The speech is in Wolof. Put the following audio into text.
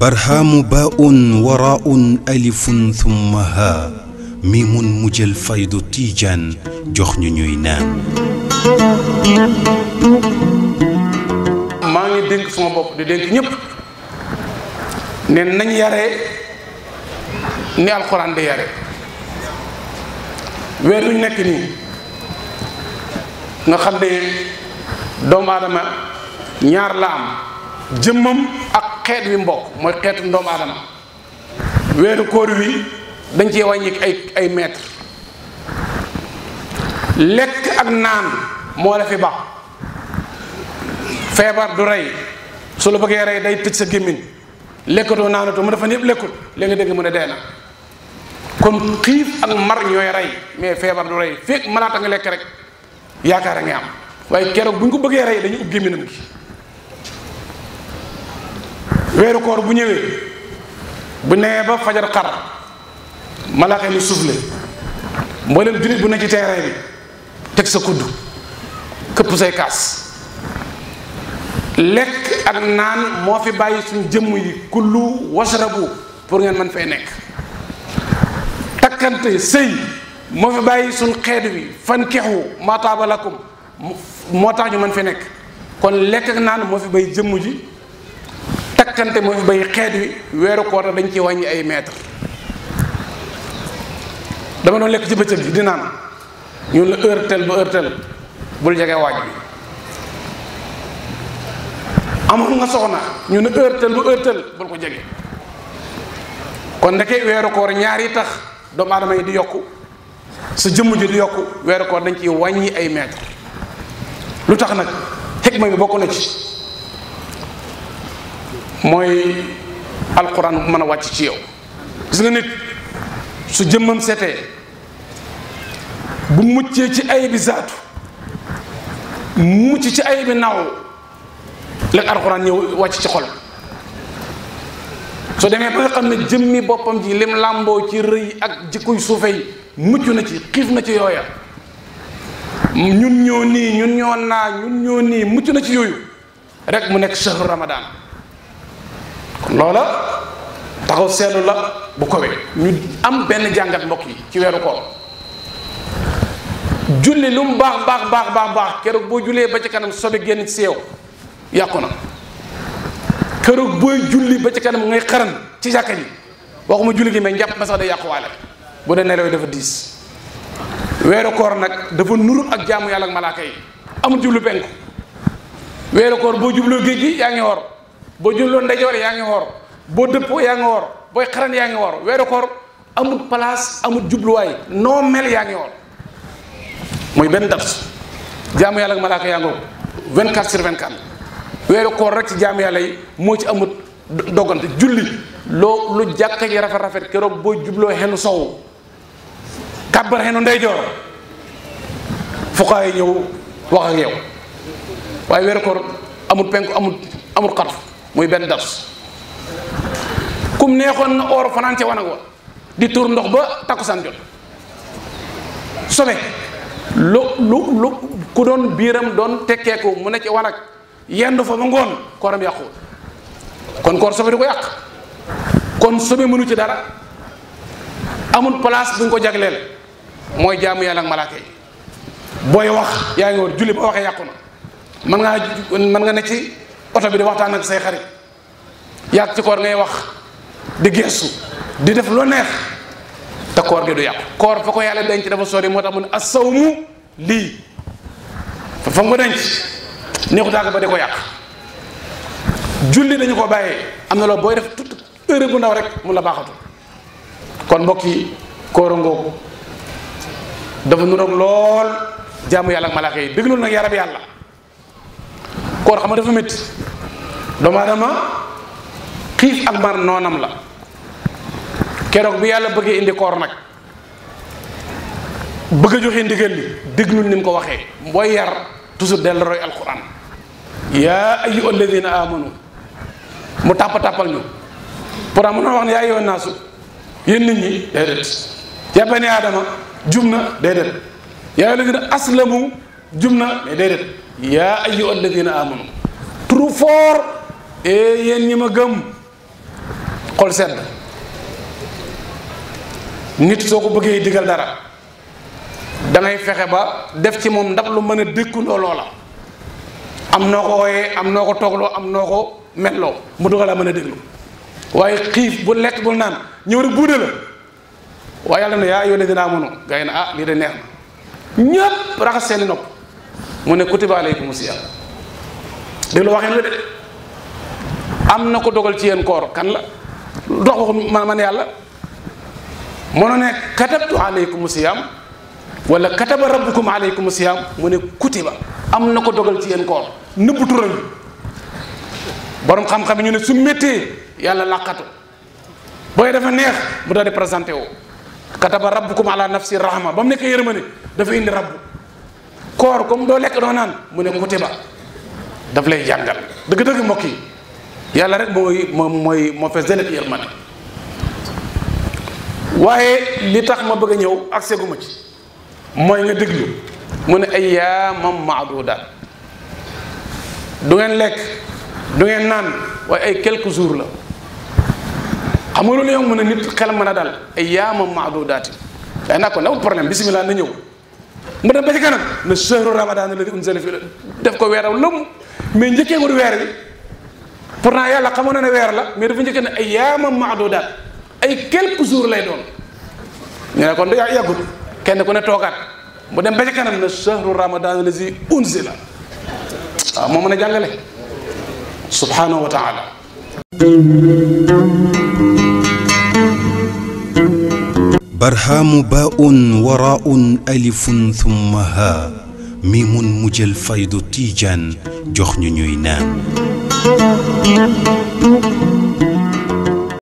barhaamu baa'un waraa'un alifun thumma haa miimun mujjal faydu tiijaan jox ñu ñuy naan. maa ngi dénk sama bopp di dénk ñëpp ne nañ yare ni alxuraan di yare weer wi nekk nii nga xam ne. doomu aadama ñaar la am jëmmam ak xeet wi mbokk mooy xeetu ndoomu aadama weeru kóor wi dañ cee wàññi ay ay mètre lekk ak naan moo la fi baax feebar du rey su la bëggee rey day tëj sa gémmiñ lekkatoo naanatoo mu dafa ñëpp lekkut léegi nga dégg mu ne dee na kon xiif ak mar ñooy rey mais feebar du rey fekk malaata nga lekk rek yaakaar ak ngi am waaye keroog bu ñu ko bëggee rey dañu ubbi gémminam gi weeru koor bu ñëwee bu nee ba fajar xar malaaka mi soufflé mboolem jullit bu ne ci terrain teg sa kudd këpp say kaas lekk ak naan moo fi bàyyi suñ jëmm yi kullu wasrabu pour ngeen mën fay nekk takkante sëy moo fi bàyyi suñ xeet wi fan kexu maataabalakum moo tax ñu man fi nekk kon lekk ak naan moo fi bay jëmm ji takkante moo fi bay xeet wi weeru koor nag dañ ci wàññi ay mètre dama doon lekk ci bëccëg ji di naan ñu la heure tel bul jege waaj bi amoon nga soxna ñu ne heure tel ba heure bul ko jege kon ndeke weeru koor ñaar yi tax doomu aadama yi di yokku sa jëmm ji di yokk weeru koor dañ ciy wàññi ay mètre lu tax nag xikma bi bokk na ci mooy alxuraan bu mën a wàcc ci yow gis nga nit su jëmmam setee bu muccee ci ay bi zaatu mucc ci ay bi naaw léegi alquran ñëw wàcc ci xol soo demee ba nga xam ne jëmmi boppam ji lim làmboo ci rëy ak jikkuy suufe yi na ci xiif na ci yooya ñun ñoo nii ñun ñoo naa ñun ñoo nii mucc na ci yooyu rek mu nekk shahru ramadaan kon loola taxaw seetlu la bu kowe ñu am benn jàngat mbokk yi ci weeru koor julli lu mu baax baax baax baax baax keroog boo jullee ba ci kanam sobe génn ci seew yàqu na keroog booy julli ba ci kanam ngay xaran ci jàkka ji waxuma julli gi mais njàpp ma sax day yàquwaale bu dee nelaw dafa diis weeru koor nag dafa nuru ak jaamu yàlla ak malaaka yi amul jublu penku weeru koor boo jubloo géej gi yaa ngi woor boo jubloo ndejoor yaa ngi woor boo dëppoo yaa ngi woor booy xaran yaa ngi woor weeru koor amul place amul jubluwaay noo mel yaa ngi woor mooy benn dars jaamu yàlla ak malaaka yaa ngi woor 24 sur 24 weeru koor rek ci jaamu yàlla yi moo ci amut dogante julli loo lu jàkka ji rafet rafet keroog boo jubloo xenu sowu kàbbar ndey jor fuqaay ñew wax ak yow way weeru ko amul penku amul amul xat muy ben dars kum neexon na or fanaan ca di tour ndox ba takusan jot sobe lu lu lu ku biram don doon tekkeeku mu ne ci wanak yendu fa ngon ngoon kooram kon koor sobe du ko yak kon sobe mënu ci dara amul place buñ ko jaglel mooy jaamu yàlla ak malaaka yi booy wax yaa ngi war julli ba waxee yàqu na man ngaa man nga ne ci oto bi di waxtaan ak say xarit yàq ci koor ngay wax di gestu di def loo neex te koor gi du yàqu koor fa ko yàlla denc dafa sori moo tax mu ne asawmu lii fa mu ko denc neexu tàgg ba di ko yàq julli dañu ko bàyyee am na loolu booy def toute heure bu ndaw rek mu la baaxatu kon mbokk yi koor a dafa nuroog lool jaamu yàlla ak malaaka yi nag yarab yàlla koor xam nga dafa métti doomu aadama xiif ak mar noonam la keroog bi yàlla bëggee indi koor nag bëgg a joxe ndigal li déglul ni mu ko waxee booy yar toujours dell roy alquran yaa ayyuha alladina amanu mu tàppa tàppal ñu nit ñi déedéet yaa bani aadama jub na déedéet yaa ayyuha alladina aslamu na mais déedéet yaa ayyuha alladina amanu trop fort et eh, yéen ñi ma gëm xol sedd nit soo ko bëggee digal dara da fexe ba def ci moom ndax lu mën a dékkundoo loola am noo ko wooyee am noo ko toogloo am noo ko melloo mu dugal a mën a déglu waaye xiif bu lekk bul naan ñëw rek buude la waaye yàlla ne yaa ayyuhaa danaa aamanu gaa yi ah lii de neex na ñëpp raxas seeni nopp mu ne kutiba alaykumu siyaam déglu waxin la de am na ko dogal ci yéen koor kan la dox waxu man man yàlla mënoo ne katabtu alaykumu siyaam wala kataba rabbukum alaykum siyaam mu ne kutiba am na ko dogal ci yéen koor nëbbu borom xam-xam yi ñu ne su méttee yàlla làqatu booy dafa neex bu daal di présenté woo kataba rabbukum ala nafsi rahma ba mu nekk yërmande dafa indi rabbu koor comme doo lekk doo naan mu ne ba daf lay jàngal dëgg-dëgg mbokk yi yàlla rek mooy moom mooy moo fees dell li tax ma bëgg a ñëw ak segu ma ci mooy nga déglu mu ne ay ayyaaman daal du ngeen lekk du ngeen naan waaye ay quelques jours la xam nga loolu yow mën a nit xel mën a daal ay yaamam maadudaati day naa ko nawul problème bisimilah na ñëw mu dem ba ci kanam na shahru ramadan alladi unzila fi def ko weeraw lëmm mais njëkkee wut weer bi pourtant yàlla xamoon na ne weer la mais dafa njëkkee ne ay yaamam maadudaat ay quelques jours lay doon ñu ne kon du yàggut kenn ku ne toogaat mu dem ba ci kanam na shahru ramadan alladi unzila waaw ah, moo mën a jàngale subhanahu wa barhaamu baaun waraaun alifun thumma haa miimun mu jël faydu tiijaan jox ñu ñuy naan